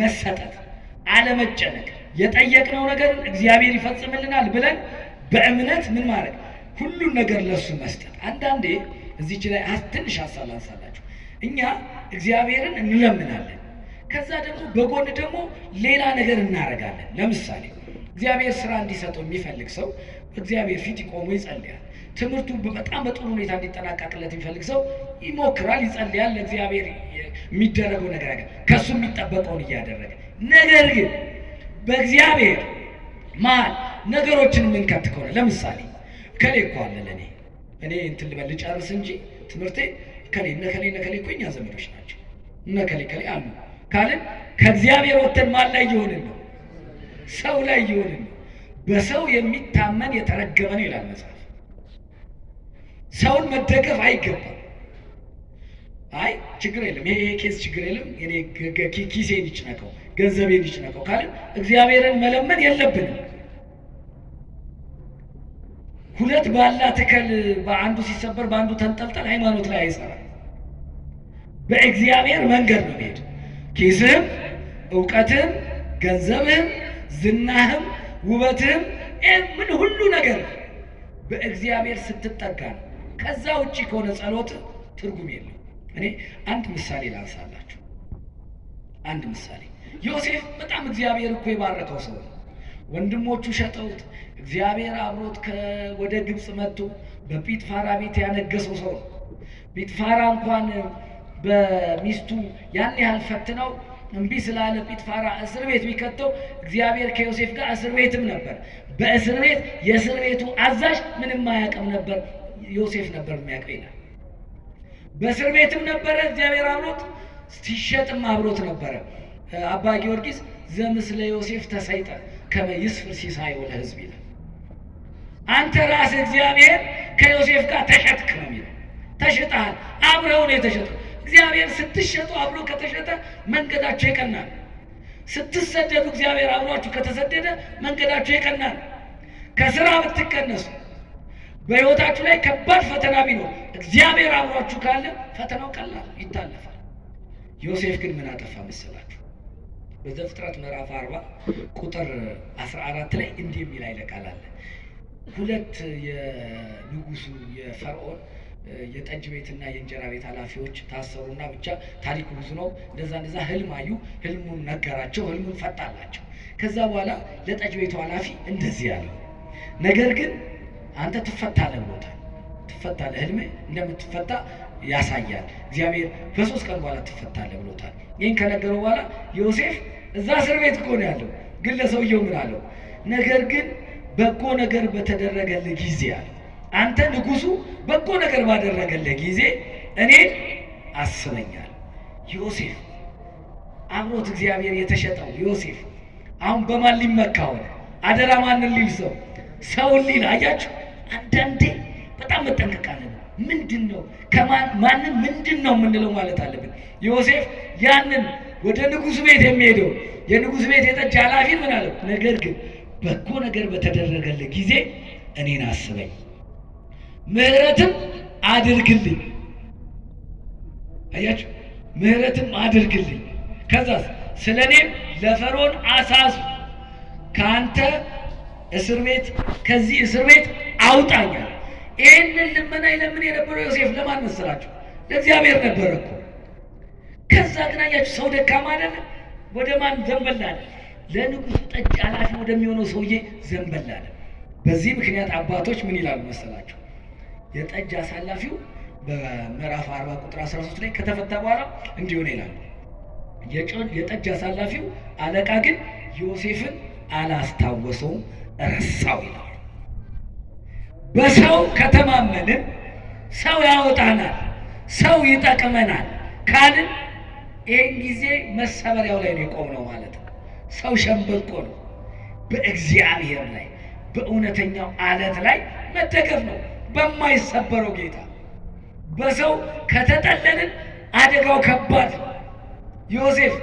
መሰጠት፣ አለመጨነቅ፣ የጠየቅነው ነገር እግዚአብሔር ይፈጽምልናል ብለን በእምነት ምን ማድረግ ሁሉን ነገር ለሱ መስጠት። አንዳንዴ እዚች ላይ ትንሽ ሀሳብ ላንሳላችሁ። እኛ እግዚአብሔርን እንለምናለን፣ ከዛ ደግሞ በጎን ደግሞ ሌላ ነገር እናደርጋለን። ለምሳሌ እግዚአብሔር ስራ እንዲሰጠው የሚፈልግ ሰው እግዚአብሔር ፊት ይቆሙ ይጸልያል። ትምህርቱን በጣም በጥሩ ሁኔታ እንዲጠናቀቅለት የሚፈልግ ሰው ይሞክራል፣ ይጸልያል፣ ለእግዚአብሔር የሚደረገው ነገር ያገ ከእሱ የሚጠበቀውን እያደረገ ነገር ግን በእግዚአብሔር መሀል ነገሮችን የምንከት ከሆነ ለምሳሌ ከሌ እኮ አለ ለእኔ እኔ እንትን ልበል ልጨርስ እንጂ ትምህርቴ ከሌ እነከሌ እነከሌ እኮ እኛ ዘመዶች ናቸው እነከሌ ከሌ አሉ ካልን ከእግዚአብሔር ወተን ማን ላይ እየሆንን ነው? ሰው ላይ እየሆንን ነው። በሰው የሚታመን የተረገመ ነው ይላል መጽሐፍ ሰውን መደገፍ አይገባም። አይ ችግር የለም ይሄ ኬስ ችግር የለም እኔ ኪሴን ይጭነቀው ገንዘቤን ይጭነቀው ካለ እግዚአብሔርን መለመን የለብንም። ሁለት ባላ ትከል በአንዱ ሲሰበር በአንዱ ተንጠልጠል ሃይማኖት ላይ አይሰራም። በእግዚአብሔር መንገድ ነው መሄድ። ኬስህም፣ እውቀትህም፣ ገንዘብህም፣ ዝናህም፣ ውበትህም ምን ሁሉ ነገር በእግዚአብሔር ስትጠጋ ነው። ከዛ ውጭ ከሆነ ጸሎት ትርጉም የለው። እኔ አንድ ምሳሌ ላንሳላችሁ። አንድ ምሳሌ ዮሴፍ በጣም እግዚአብሔር እኮ የባረከው ሰው ነው። ወንድሞቹ ሸጠውት እግዚአብሔር አብሮት ወደ ግብፅ መጥቶ በጲጥፋራ ቤት ያነገሰው ሰው ነው። ጲጥፋራ እንኳን በሚስቱ ያን ያህል ፈትነው እምቢ ስላለ ጲጥፋራ እስር ቤት ቢከተው እግዚአብሔር ከዮሴፍ ጋር እስር ቤትም ነበር። በእስር ቤት የእስር ቤቱ አዛዥ ምንም አያውቅም ነበር። ዮሴፍ ነበር የሚያውቀው ይላል። በእስር ቤትም ነበረ እግዚአብሔር አብሮት ሲሸጥም አብሮት ነበረ። አባ ጊዮርጊስ ዘምስለ ዮሴፍ ተሰይጠ ከመ ይስፍር ወደ ህዝብ ይላል። አንተ ራስ እግዚአብሔር ከዮሴፍ ጋር ተሸጥክ ነው የሚለው። ተሸጠሃል፣ አብረው ነው የተሸጠው። እግዚአብሔር ስትሸጡ አብሮ ከተሸጠ መንገዳቸው ይቀናል። ስትሰደዱ እግዚአብሔር አብሯችሁ ከተሰደደ መንገዳቸው ይቀናል። ከስራ ብትቀነሱ በሕይወታችሁ ላይ ከባድ ፈተና ቢኖር እግዚአብሔር አብሯችሁ ካለ ፈተናው ቀላል ይታለፋል። ዮሴፍ ግን ምን አጠፋ መሰላችሁ? በዘፍጥረት ምዕራፍ አርባ ቁጥር አስራ አራት ላይ እንዲህ የሚል ኃይለ ቃል አለ። ሁለት የንጉሱ የፈርዖን የጠጅ ቤትና የእንጀራ ቤት ኃላፊዎች ታሰሩና ብቻ ታሪኩ ብዙ ነው። እንደዛ እንደዛ ህልም አዩ። ህልሙን ነገራቸው። ህልሙን ፈጣላቸው። ከዛ በኋላ ለጠጅ ቤቱ ኃላፊ እንደዚህ ያለው ነገር ግን አንተ ትፈታለህ ብሎታል። ትፈታለህ ህልሜ እንደምትፈታ ያሳያል። እግዚአብሔር በሶስት ቀን በኋላ ትፈታለህ ብሎታል። ይህን ከነገረው በኋላ ዮሴፍ እዛ እስር ቤት እኮ ነው ያለው። ግን ለሰውየው ምን አለው? ነገር ግን በጎ ነገር በተደረገልህ ጊዜ አለ አንተ ንጉሱ በጎ ነገር ባደረገልህ ጊዜ እኔን አስበኛል። ዮሴፍ አብሮት እግዚአብሔር የተሸጠው ዮሴፍ አሁን በማን ሊመካ ሆነ? አደራ ማንን ሊል ሰው ሰውን ሊል አያችሁ። አንዳንዴ በጣም መጠንቀቅ አለብን። ምንድን ነው ማንም ምንድን ነው የምንለው ማለት አለብን። ዮሴፍ ያንን ወደ ንጉሥ ቤት የሚሄደው የንጉሥ ቤት የጠጅ ኃላፊ ምን አለው? ነገር ግን በጎ ነገር በተደረገልህ ጊዜ እኔን አስበኝ፣ ምህረትም አድርግልኝ። አያችሁ፣ ምህረትም አድርግልኝ። ከዛስ ስለ እኔም ለፈርዖን አሳስብ፣ ከአንተ እስር ቤት ከዚህ እስር ቤት አውጣኛል። ይህንን ልመና ይለምን የነበረው ዮሴፍ ለማን መሰላችሁ? ለእግዚአብሔር ነበረ እኮ። ከዛ ግን አያችሁ ሰው ደካማ አይደለ? ወደ ማን ዘንበላለ? ለንጉሱ ጠጅ ኃላፊ ወደሚሆነው ሰውዬ ዘንበላለ። በዚህ ምክንያት አባቶች ምን ይላሉ መሰላችሁ? የጠጅ አሳላፊው በምዕራፍ 40 ቁጥር 13 ላይ ከተፈታ በኋላ እንዲሆነ ይላሉ። የጠጅ አሳላፊው አለቃ ግን ዮሴፍን አላስታወሰውም፣ ረሳው ይላል። በሰው ከተማመንን ሰው ያወጣናል፣ ሰው ይጠቅመናል ካልን ይህን ጊዜ መሰበሪያው ላይ ነው የቆምነው ማለት ነው። ሰው ሸምበቆ ነው። በእግዚአብሔር ላይ በእውነተኛው አለት ላይ መደገፍ ነው፣ በማይሰበረው ጌታ። በሰው ከተጠለልን አደጋው ከባድ ነው። ዮሴፍ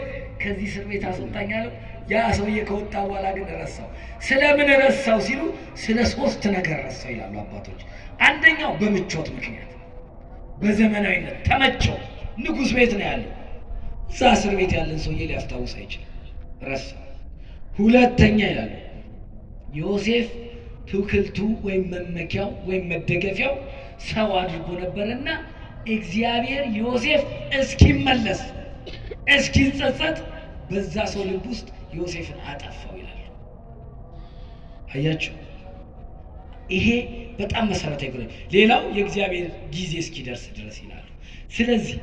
ከዚህ እስር ቤት አስወጣኝ አለው። ያ ሰውዬ ከወጣ በኋላ ግን ረሳው። ስለምን ረሳው ሲሉ ስለ ሶስት ነገር ረሳው ይላሉ አባቶች። አንደኛው በምቾት ምክንያት በዘመናዊነት ተመቸው። ንጉሥ ቤት ነው ያለው። እዛ እስር ቤት ያለን ሰውዬ ሊያስታውስ አይችልም፣ ረሳ። ሁለተኛ ይላሉ ዮሴፍ ትውክልቱ ወይም መመኪያው ወይም መደገፊያው ሰው አድርጎ ነበርና እግዚአብሔር ዮሴፍ እስኪመለስ እስኪጸጸት በዛ ሰው ልብ ውስጥ ዮሴፍን አጠፋው ይላሉ። አያቸው። ይሄ በጣም መሰረታዊ ጉዳይ። ሌላው የእግዚአብሔር ጊዜ እስኪደርስ ድረስ ይላሉ። ስለዚህ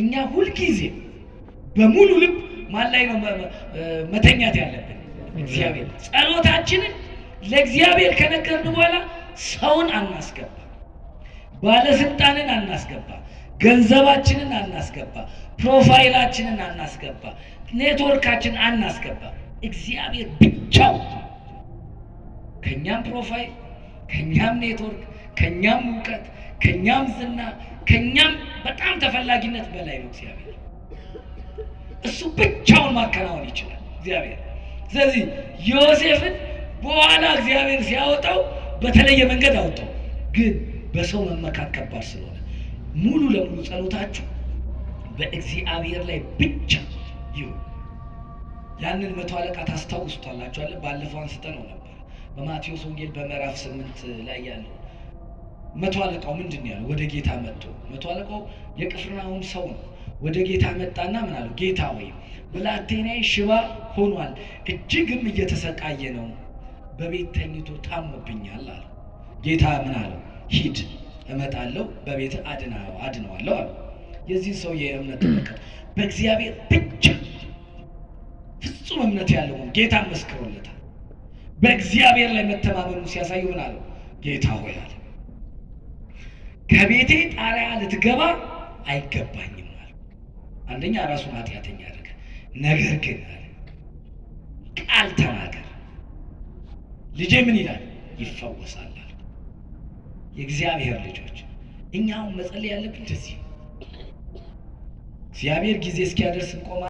እኛ ሁልጊዜ በሙሉ ልብ ማን ላይ ነው መተኛት ያለብን? እግዚአብሔር። ጸሎታችንን ለእግዚአብሔር ከነገርን በኋላ ሰውን አናስገባ፣ ባለስልጣንን አናስገባ፣ ገንዘባችንን አናስገባ፣ ፕሮፋይላችንን አናስገባ። ኔትወርካችን አናስገባም። እግዚአብሔር ብቻው ከእኛም ፕሮፋይል፣ ከእኛም ኔትወርክ፣ ከእኛም እውቀት፣ ከእኛም ዝና፣ ከእኛም በጣም ተፈላጊነት በላይ ነው እግዚአብሔር። እሱ ብቻውን ማከናወን ይችላል እግዚአብሔር። ስለዚህ ዮሴፍን በኋላ እግዚአብሔር ሲያወጣው በተለየ መንገድ አወጣው፣ ግን በሰው መመካት ከባድ ስለሆነ ሙሉ ለሙሉ ጸሎታችሁ በእግዚአብሔር ላይ ብቻ ይሁን። ያንን መቶ አለቃ ታስታውሱታላችኋለን። ባለፈው አንስተ ነው ነበር በማቴዎስ ወንጌል በምዕራፍ ስምንት ላይ ያለው መቶ አለቃው ምንድን ነው ያለው? ወደ ጌታ መጥቶ መቶ አለቃው የቅፍርናሆም ሰው ነው። ወደ ጌታ መጣና ምን አለው? ጌታ ወይ ብላቴናዬ ሽባ ሆኗል፣ እጅግም እየተሰቃየ ነው፣ በቤት ተኝቶ ታሞብኛል አለ። ጌታ ምን አለው? ሂድ እመጣለሁ፣ በቤት አድነዋለሁ አለ የዚህ ሰው የእምነት ምልክት በእግዚአብሔር ብቻ ፍጹም እምነት ያለውን ጌታ መስክሮለታል። በእግዚአብሔር ላይ መተማመኑ ሲያሳዩ ምን አለው? ጌታ ሆይ አለ ከቤቴ ጣሪያ ልትገባ አይገባኝም አለ። አንደኛ ራሱን ኃጢአተኛ አደረገ። ነገር ግን አለ ቃል ተናገር ልጄ ምን ይላል ይፈወሳል አለ። የእግዚአብሔር ልጆች እኛ አሁን መጸለይ ያለብን እንደዚህ እግዚአብሔር ጊዜ እስኪያደርስ እንቆማለን።